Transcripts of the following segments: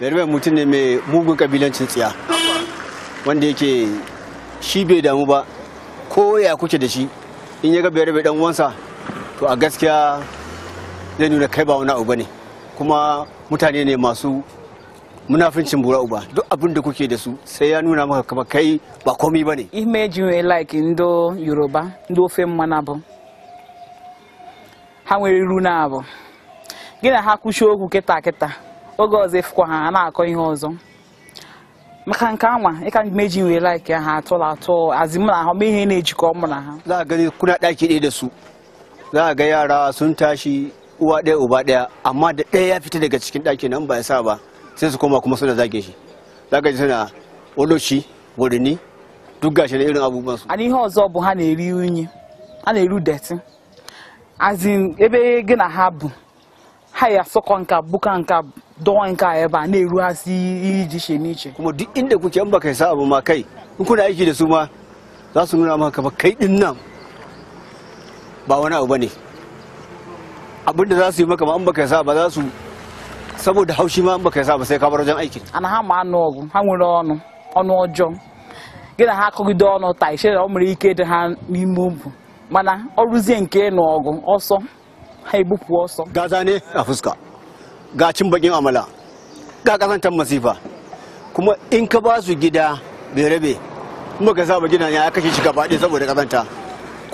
Berbe mutum ne mai mugun kabilancin tsiya. Wanda yake shi bai damu ba ko ya kuce da shi in ya ga berbe dan uwansa to a gaskiya zai nuna kai ba wani abu bane kuma mutane ne masu munafincin bura uba duk abin da kuke da su sai ya nuna maka kama kai ba komi bane ihe ejiwe like ndo yoruba ndo ofe mana bu ha nwere iru na abụ gị ha kwuchie oge ọzọ ịfụkwa ha ha na-akọ ihe ọzọ maka nke anwa ịka meji wee laik ha atụla atụ azi mụ na ha ma ihe na-ejikọ mụ na ha za a gani kuna ɗaki ɗaya da su za a ga yara sun tashi uwa ɗaya uba ɗaya amma da ɗaya ya fita daga cikin ɗaki nan ba ya sa ba sai su koma kuma suna zage shi zage suna olochi wurini duk gashi da irin abubuwan su ana ihe ọzọ bụ ha na-eri unyi ha na-eru deti azin ebe gị na ha bụ ha ya sokonka bukanka donka ya ba na eru hasi iji she nice kuma duk inda kuke in baka sa abu ma kai in kuna aiki da su ma za su nuna maka ba kai din nan ba wani abu bane abin da za su yi maka ma in baka sa ba za su saboda haushi ma in baka sa ba sai ka bar wajen aikin ana ha ma anụ ọgụ ha nwere ọnụ ọnụ ọjọọ gị na ha akụgide ọnụ taa ta na ọ nwere ike dị ha n'ime ubu mana ọ rụzie nke na ọgụ ọsọ haibufuwa wasu ga zane a fuska ga cin bakin amala ga kasantar masifa kuma in ka ba su gida bere-bere kuma ka saba gina ya kashe shi gaba saboda kazanta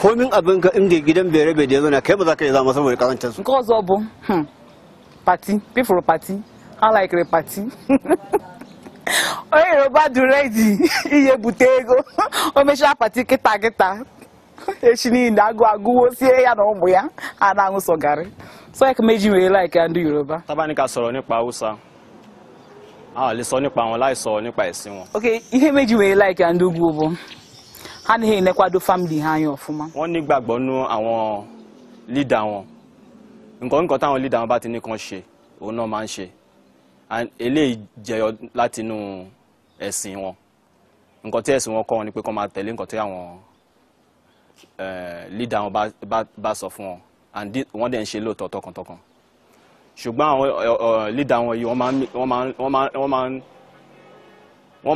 komin abin ka inda gidan berebe bere da ya zauna kai ba za ka yi zama saboda kazantar su ko zobo pati pifuro pati alaikere pati oye yoruba dure ji iye bute ego o sha pati kita kita echi niile agụ agụwo sie ya na ụmụ ya a na-aṅụ sọ garị so ekemeji nwere laik ya ndị yoruba tabanika sọ̀rọ̀ nípa hausa a lè sọ nípa wọn láì sọ nípa ẹ̀sìn wọn. ok ihe meji nwere laik ya ndị ugwu bụ ha naghị enekwado famili ha anya ọfụma. wọ́n nígbàgbọ́ nú àwọn lídà wọn nǹkan nǹkan táwọn lídà wọn bá ti ní kan ṣe òun náà máa ń ṣe eléyìí jẹyọ látinú ẹ̀sìn wọn nǹkan tí wọn kọ́ wọn ni pé kọ́ máa tẹ̀lé nǹkan àwọn Eh, leader wọn bá sọ fún wọn and wọ́n dẹ̀ ń ṣe lóòótọ́ tọkàntọkàn ṣùgbọ́n àwọn eh, eh, leader wọn yìí wọ́n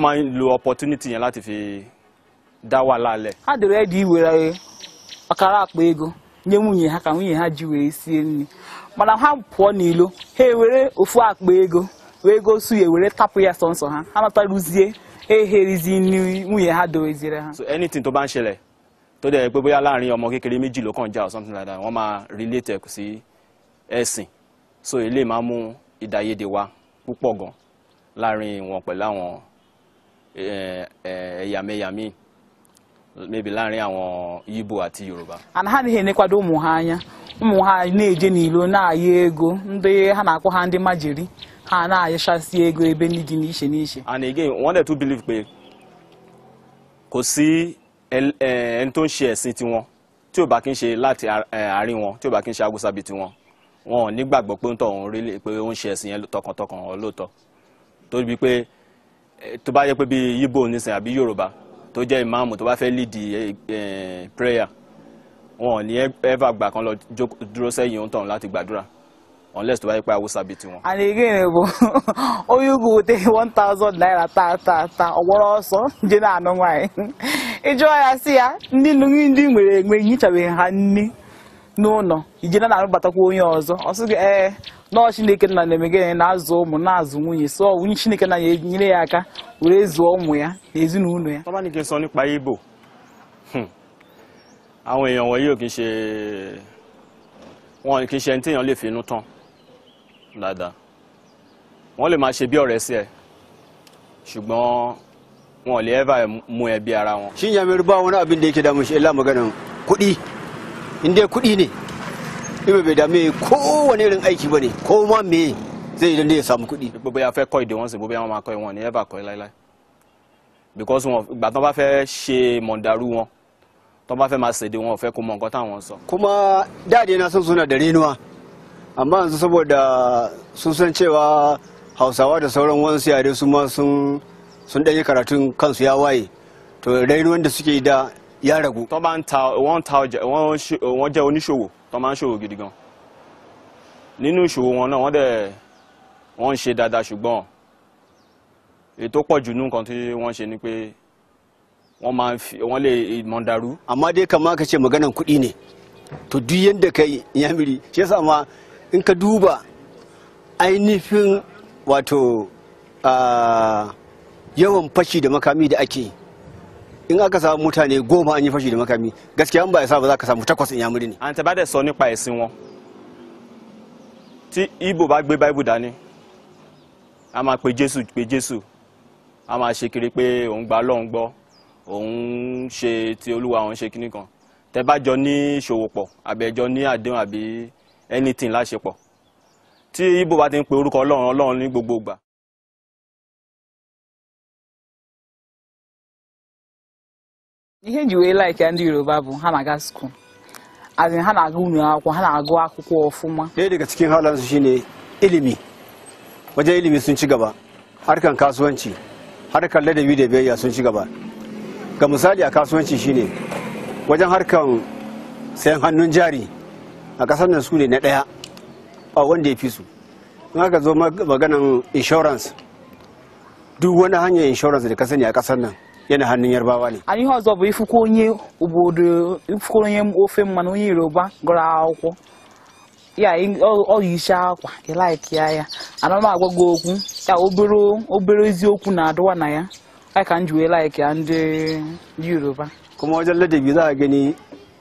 máa ń lo opportunity yẹn láti fi dá wàhálà lẹ̀. ha dịrị ede iwere ọkara akpa ego nye nwunye ha ka nwunye ha ji wee sie nri mana ha pụọ n'ilo ha ewere ofu akpa ego wee gosu ya were tapụ ya sọnsọ ha ha nataruzie ha eherizi nri nwunye ha dowezire ha so anything to ban shele. tó dẹ̀ pé bóyá láàrin ọmọ kékeré méjì ló kàn já or something like that wọ́n máa relate ẹ̀kú sí ẹ̀sìn so eléyìí máa mú ìdáyédè wá púpọ̀ gan láàrin wọn pẹ̀lú àwọn eh, eh, ẹ̀yàmẹ̀yà míì maybe láàrin àwọn Igbo àti Yorùbá. and ha adịghị enekwado ụmụ ha anya ụmụ ha na-eje n'ilo na-ayọ ego ndị ha na-akpọ ha ndị majeri ha na-ayọchasị ego ebe ndị dị n'iche n'iche. and again one dey too believe pé kò sí ẹni tó ń ṣe ẹ̀sìn tiwọn tí ò bá kí ń ṣe láti àárín wọn tí ò bá kí ń ṣe agusabi tiwọn wọn ò nígbàgbọ́ pé ń tọ̀ òun rí pé ó ń ṣe ẹ̀sìn yẹn tọkàntọkàn olóòótọ́ torí bíi pé tó bá yẹ pé bíi Yíbò nísìn àbí Yorùbá tó jẹ́ ìmáàmù tó bá fẹ́ lídì prayer wọn ò ní ẹ́fà gbà kan lọ dúró sẹ́yìn òun tọ̀hún láti gbàdúrà unless tó bá yẹ pé awúsàbí tiwọn. and again ebo oyún kò tẹ one thousand naira ta ta ta ọ̀wọ́rọ̀ ọ̀sán jẹ́ náà àná wáyé. ịjụọ ya si ya ndị nri ndị nwere enwe nyichabeghị ha nne n'ụlọ ije na na-arụbatakwa onye ọzọ ọ ee nọọ chineke nna na-eme gịnị na-azụ ụmụ na-azụ nwunye so nwunye chineke na ya nyere ya aka were zụọ ụmụ ya na ezinụlọ ya tọ́ba ní ibo hmm. àwọn èèyàn wọ̀nyí ò kì í ṣe wọn kì í ṣe ẹni lè fi inú tán dáadáa wọ́n lè máa ṣe bí ọ̀rẹ́ sí ẹ ṣùgbọ́n wọn ò lè ẹ́ bá mu ẹ bí ara wọn. shi jami'ar ba wani abin da yake damun shi illa maganan kuɗi in dai kuɗi ne ibe bai dame kowane irin aiki ba ne ko ma me zai idan ya samu kuɗi. gbogbo ya fẹ́ kọ́ èdè wọn sí gbogbo ya máa kọ́ ìwọ̀n ni ẹ bá kọ́ ẹ láíláí because wọn ìgbà tán bá fẹ́ ṣe mọ̀ndàrú wọn tán bá fẹ́ máa ṣèdè wọn ò fẹ́ kó mọ nǹkan táwọn sọ. kuma dáàdi na sun suna da renuwa amma yanzu saboda sun san cewa hausawa da sauran wasu yare su ma sun sun ɗanyi karatun kansu ya waye to rainuwan da suke da ya ragu tó bá ń ta wọ́n ta ọjà wọ́n jẹ́ oníṣòwò tó máa showo ṣòwò gidi gan nínú ìṣòwò wọn náà wọ́n dẹ̀ wọ́n ń ṣe dáadáa ṣùgbọ́n èyí tó pọ̀ jù nù nǹkan tí wọ́n ṣe ni pé wọ́n máa ń fi wọ́n amma dai kama ka ce maganan kuɗi ne to duk yadda ka yamiri shi yasa ma in ka duba ainihin wato uh, yawan fashi da makami da ake in aka samu mutane goma an yi fashi da makami gaskiya ba isa ba za ka samu takwas in yamuri ne. an taba da sọ nípa ẹ̀sìn wọn tí ibo bá gbé báíbù dání a máa pe jésù pe jésù a máa ṣe kiri pé òun gba lọ́hún gbọ́ òun ṣe ti olúwa òun ṣe kíní kan tẹ bá jọ ní ìṣòwò pọ̀ àbẹ̀jọ ní àdéhùn àbí anything láṣepọ̀ tí ibo bá ti ń pe orúkọ ọlọ́run ọlọ́run ní gbogbo ìgbà. ihe nji wee laik ndị yoruba bụ ha na-aga skuul azin ha na-aga unu akwụkwọ ha na-agụ akwụkwọ ọfụma ɗaya daga cikin halansu ne ilimi wajen ilimi sun ci gaba harkan kasuwanci harkan ladabi da biyayya sun ci gaba ga misali a kasuwanci shine wajen harkan sayan hannun jari a kasar nan su ne na ɗaya a wanda ya fi su in aka zo maganan insurance duk wani hanyar insurance da ka sani a kasar nan yana hannun yarbawa ne a ihe ọzọ bụ ifukwa onye obodo ifukwa onye ofe mmanụ onye yoruba gụrụ akwụkwọ ya ọ yicha akwa ịlaik e ya ya anaghị agwa gị okwu ya obere obere eziokwu na-adụwa na ya ya ka m ji wee laik ya ndị yoruba kuma wajen ladabi za a gani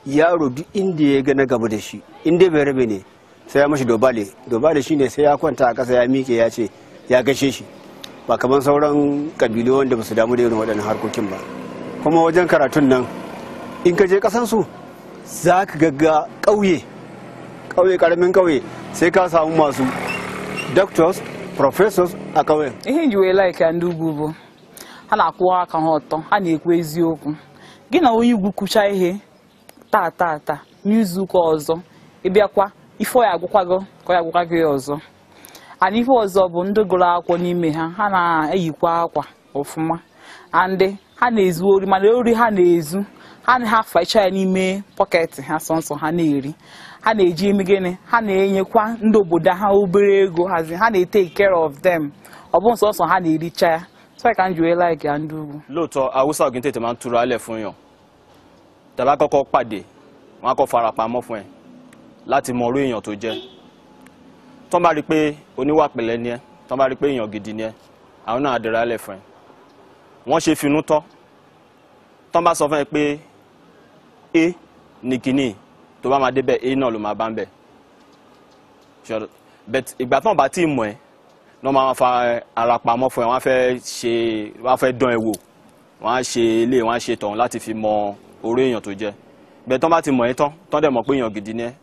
yaro duk inda ya gana gaba da shi inda bai rabe ne sai ya mashi dobale dobale shine sai ya kwanta a ƙasa ya miƙe ya ce ya gaishe shi ba kamar sauran kabilu wanda ba su damu da irin waɗannan harkokin ba kuma wajen karatun nan in ka je ƙasansu za ka gagga ƙauye ƙauye ƙaramin ƙauye sai ka samu masu doctors professors a ƙauyen ihe ji wee laika ndị ugwu bụ ha na-akwụwa aka ha ọtọ ha na-ekwu eziokwu gị na onye ugwu ihe taa taa taa n'izuụka ọzọ ịbịakwa ife ọ ka ọ ọzọ and ife ọzọ bụ ndị gụrụ akwụkwọ n'ime ha ha na-eyikwa akwa ọfụma andị ha na-ezu ori mana ori ha na-ezu ha na-afacha ya n'ime pọketị ha sọnsọ ha na-eri ha na-eji eme gịnị ha na-enyekwa ndị obodo ha obere ego hazi ha na-ete care of them ọ bụ sọnsọ ha na-ericha ya sọ ka m ji wee laik ya ndị ugwu lóòótọ́ Awụsa ògìn Tete ma ń ala alẹ́ fún yàn tàbá kọ́kọ́ pàdé wọn fara pamọ́ fún láti èèyàn tó jẹ́ tán bá rí i pé oníwà pẹ̀lẹ́ ni ẹ tán bá rí i pé èèyàn gidi ni ẹ àwọn náà àdúrà lẹ̀ fún ẹ wọ́n ṣe finú tọ́ tán bá sọ fún ẹ pé e ní kínní tó bá máa débẹ̀ e náà ló máa bá ń bẹ̀ but ìgbà tán bá tí ì mọ̀ ẹ́ náà máa fa ara pamọ́ fún ẹ wọ́n á fẹ́ ṣe wọ́n á fẹ́ dán ẹ wò wọ́n á ṣe ilé wọ́n á ṣe tọ̀hún láti fi mọ orí èèyàn tó jẹ́ bẹ́ẹ̀ tán bá ti mọ̀ ẹ́ tán tán ni ẹ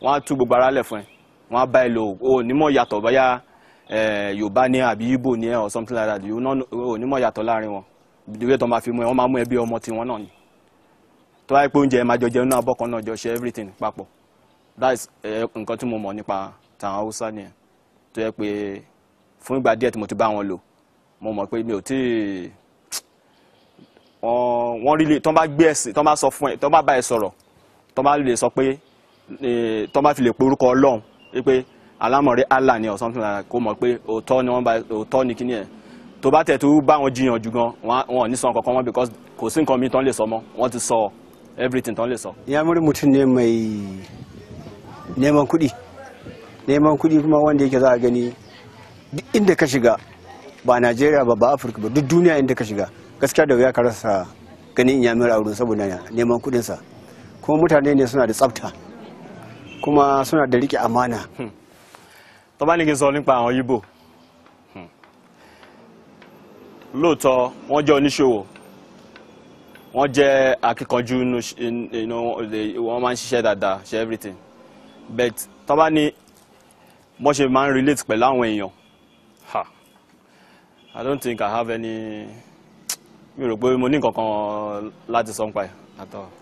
wọ́n á tú wọ́n á bá ẹ lò ó onímọ̀ yàtọ̀ bóyá yorùbá ni àbí ibo ni ẹ or something like that onímọ̀ yàtọ̀ láàrin wọn ìdíwé tó máa fi mú ẹ wọ́n máa mú ẹ bí ọmọ tiwọn náà ni tó wáyé pé oúnjẹ ẹ máa jọ jẹun náà bọ́kan náà jọ ṣe everything papọ̀ that is nǹkan tí mo mọ̀ nípa tàwọn haúsá nìyẹn tó yẹ pé fún ìgbà díẹ̀ tí mo ti bá wọn lò mo mọ̀ pé mi ò tíì wọ́n rí lè tọ́ bá gbé ẹ̀sìn tọ́ bá sọ fún ẹ tọ́ bá bá ẹ sọ̀rọ̀ tọ́ bá lè sọ pé tọ́ bá fi lè pe orúkọ ọlọ́run pé alámọ̀rẹ́ allah ni or something like that kó mọ̀ pé òótọ́ ni wọ́n bá òótọ́ ni kíní ẹ̀ tó bá tẹ̀ tó bá wọn jiyàn jù gan wọn ò ní sọ nǹkan kan wọn because kò sí nǹkan mi tán lè sọ mọ́ wọ́n ti sọ everything tán lè sọ. ya muri mutum ne mai neman kuɗi neman kuɗi kuma wanda yake za a gani duk inda ka shiga ba najeriya ba ba afirka ba duk duniya inda ka shiga gaskiya da wuya ka rasa ganin inyamiyar a wurin saboda neman kuɗinsa kuma mutane ne suna da tsafta kuma suna da rike amana. Hmm. tó bá ní kí n sọ nípa àwọn hmm. lóòótọ́ wọ́n jẹ́ oníṣòwò wọ́n jẹ́ akíkanjú wọ́n máa ń ṣiṣẹ́ dáadáa ṣe everything but tó bá ní ṣe máa ń relate pẹ̀lú àwọn èèyàn I don't think I have any mi rò pé mo ní nǹkan kan láti sọ nípa ẹ̀ àtọ́.